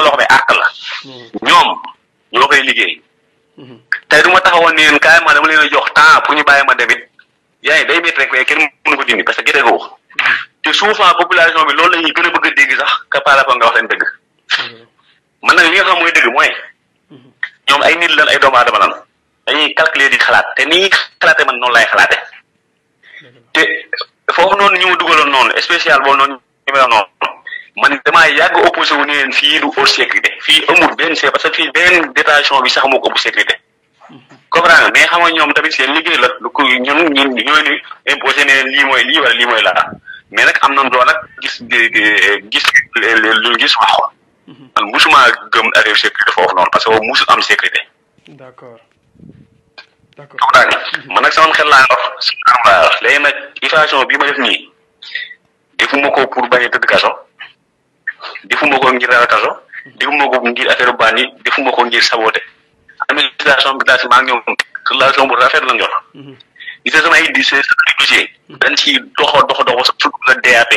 na loo xam ne àq la hmm. ñoom ñoo koy liggéey hmm. tey du ma taxawoon ni leen kaay ma dama leen a jox temps pour ñu bàyyi ma demit yaa ngi day métti rek mais kenn mënu ko dindi parce que gerte ko hmm. te souvent population bi loolu la ñuy a bëgg a dégg sax que par rapport nga wax leen dëgg man nag li xam mooy dëgg mooy ñoom ay nit la ay doomu aadama lan dañuy calculer di xalaat te ni xalaate man noonu laay xalaate te foofu noonu ñu ma dugaloon noonu spécial boobu noonu ñu may wax noonu man ne damaa yàgg opposé wu ne leen fii du haute sécurité fii amul benn sé parce que bi sax moo ko ëpp sécurité comprendre mais xam nga ñoom tamit seen liggéey la lu ko ñun ñun ñooñu imposé lii mooy lii wala lii mooy laa mais nag am nañ doon nag gis gis luñ gis wax ko man musuma gëm affaire sécurité foofu noonu parce que musu am sécurité. d'accord d'accord man nag sama xel laa wax léegi nag infraction bi ma def nii defuma ko pour bañ a tëdd kaso defuma ko ngir rawataso defuma ko ngir affaire baan yi defuma ko ngir saboté administration bi daal si maa ngi ñoom relation bu rafet la ñor mhm. gis nga sama ay di see sama dossier mhm. dañ si doxo doxo doxo sa surtout la DAP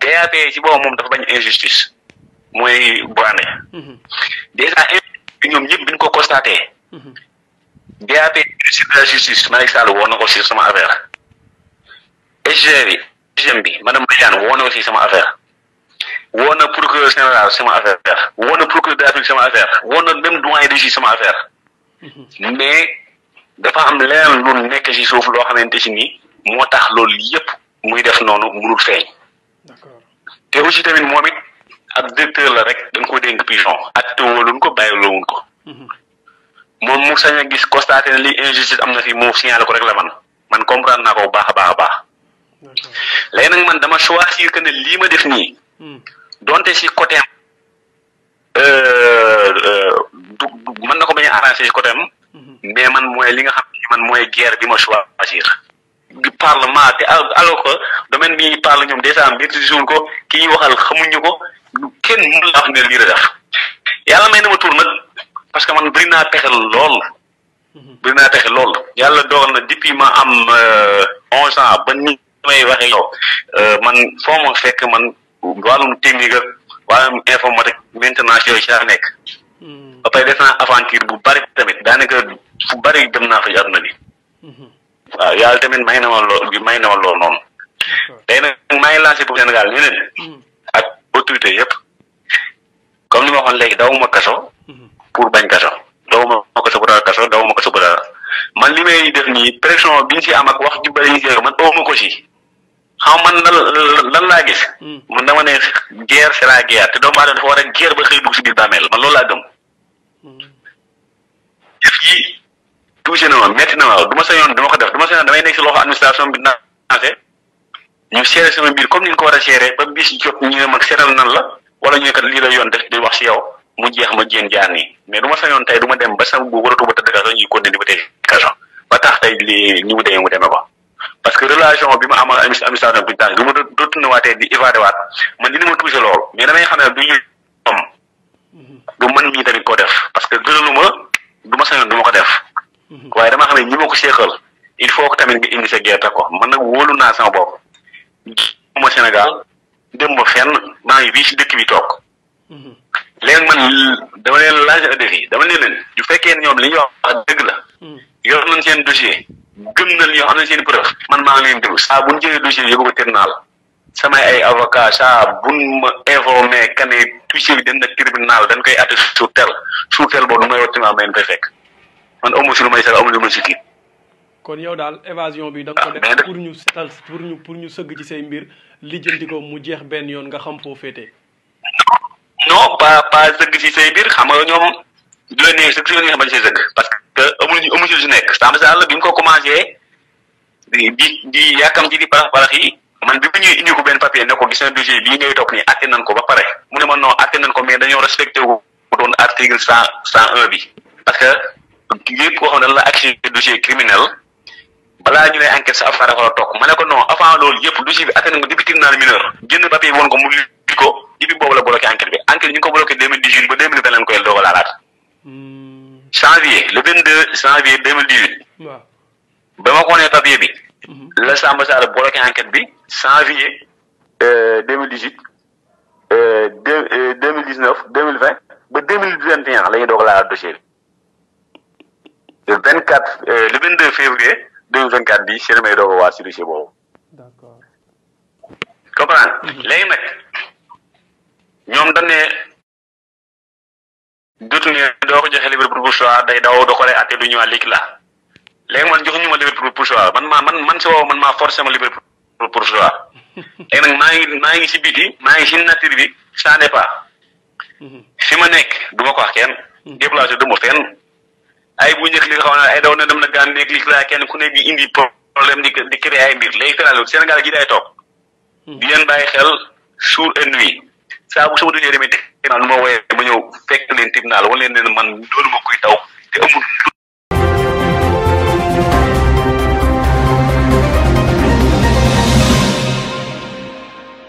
DAP si boobu moom dafa bañ injustice mooy Boané mhm. dèjà injustice ñoom ñëpp bi ñu ko constaté DAP ministre de la justice Malick Sall woo na ko si sama affaire SG bi SGM bi madame Badiane woo na ko si sama affaire woo na procureur général sama affaire woo na procureur de l'Afrique sama affaire na même doyen de justice sama affaire mhm. mais dafa am leneen lu nekk ci suuf loo xamante si ni moo tax loolu yëpp muy def noonu mënul feeñ te aussi tamit moom it ak directeur la rek dañ ko dénk pigeon atte wooluñ ko bàyyiloowuñ ko mhm. moom mu sañ a gis constaté li injustice am na fi mu signalé ko rek la man man comprendre naa ko bu baax a baax a baax léegi nag man dama choisir que ne lii ma def nii mhm. donte si côté am euh, euh, du mën na ko bañ a arrangé si côté mhm. mais man mooy li nga xam ne man mooy guerre bi ma choisir di parlement te alors que domaine bi ñuy parle ñoom dèjà maîtrisewuñ ko ki ñuy waxal xamuñu ko lu kenn mënu la wax ne lii la def yàlla may na ma tur nag parce que man bëri naa pexe lool mhm. bëri naa pexe lool yàlla dogal na depuis ma am euh, onze ans ba ni may waxee man foo ma fekk man wàllum technique ak wàllum informatique maintenance yooyu ci laa nekk. Hmm. ba pare def naa aventure bu bari tamit daanaka fu bari dem naa fa ci àdduna bi. Hmm. waaw yàlla tamit may na ma lool may na ma lool noonu. day nag maa lancé pour Sénégal ñu leen hmm. ak autorité yëpp comme ni ma waxoon léegi dawuma kaso pour bañ kaso dawuma kaso bu dara kaso dawuma kaso bu dara man li may def nii pression bi ñu si am ak wax ju bëri ñu man owuma ko xaw man lan lan laa gis. man hmm. dama ne guerre c'est la guerre te doomu aadama dafa war a guerre ba xëy dugg si biir bàmmeel man loolu laa gëm. def hmm. yi touché na ma métti na ma du ma sañoon dama ko def du ma sañoon damay nekk si loxo administration bi naan ñu seere sama mbir comme ni ñu ko war a seere ba bis jot ñu ne mag seeral nan la wala ñu kat lii la yoon def di wax si yow mu jeex ma jéen jaar nii mais duma ma sañoon tey du ma dem ba sama bu waratu ba tëdd kaso ñuy continuer di ba tey kaso ba tax tey lii ni mu demee mu frustration bi ma amal administration bu tànk bi ma dootu ñëwaatee di évadé waat man dina ma touché lool mais damay xam ne du ñu am mhm. du man mii tamit koo def parce que gënalu ma du ma ma ko def mhm. waaye dama xam ne ñi ma ko seexal il faut que tamit nga indi ko man nag wóolu naa sama bopp ma Sénégal dem ma fenn maa ngi bii si dëkk bi toog mhm. léegi man dama leen laaj a défi dama ne leen ñu fekkee ñoom li ñuy wax dëgg la yor nañ seen dossier gëm na li ñoo xam ne seen preuve man maa ngi leen saa bu ñu jëlee dossier bi yóbbu ko tribunal samay ay avocat saa buñ ma informé que ne dossier dem na tribunal dañ koy atte sur tel su tel boobu du may wax tribunal ma leen fay fekk man amu si lu may sax amu ma si kon yow daal évasion bi da nga ko ah, def pour pour ñu pour ñu sëgg ci say mbir mu jeex benn yoon nga xam foo féete. non pas pas sëgg si say mbir xam ñoom du la neex sëgg si yoon nga xam bañ parce te amul amul nekk Samba bi ñu ko commencé di di yàkkam ci di parax parax yi man bi bu ñuy ko benn papier ne ko nii àtte ko ba pare mu ne ma non àtte nañ ko mais dañoo respecté wu doon article cent cent un bi parce que yëpp koo xam ne la accès dossier criminel balaa ñu lay enquête sa affaire dafa la toog ma ne ko loolu yëpp dossier bi àtte nañ ko depuis tribunal mineur génn papier woon ko mu li ko depuis boobu la bloqué enquête bi enquête ñu ngi ko bloqué deux mille dix huit ba deux mille vingt koy doog a laalaat hmm. janvier le vingt deux janvier deux mille dix huit ba ma ko nee papier bi mhm. la Samba Sarr bloqué enquête bi janvier euh, deux mille dix huit euh, deux euh, de mille dix neuf deux mille vingt ba deux mille vingt et un la ñuy doog laalaat dossier bi le vingt quatre le vingt deux février deux mille vingt quatre bi si la may doog a waat si dossier boobu comprendre mhm. léegi nag ñoom dañ ne ko joxee liberté provisoire day daw doo ko lay àtte du ñëwaat léegi la léegi man joxuñu ma liberté provisoire man maa man man si woo man maa forcé ma liberté provisoire léegi nag maa ngi maa ngi si biti maa ngi si nature bi ça n'est pas mhm. fi ma nekk du ma ko wax kenn mhm. déplacé du ma fenn ay bu njëkk li nga xam ne ay daw na dem na gaan nekk li laa kenn ku nekk di indi problème di di créer ay mbir léegi teralu Sénégal gi day toog mhm. di leen bàyyi xel jour et nuit saa bu sama duñee demee te naa nu ma wooyee ba ñëw fekk leen tiim naa la wan leen ne man doonu ma kuy daw te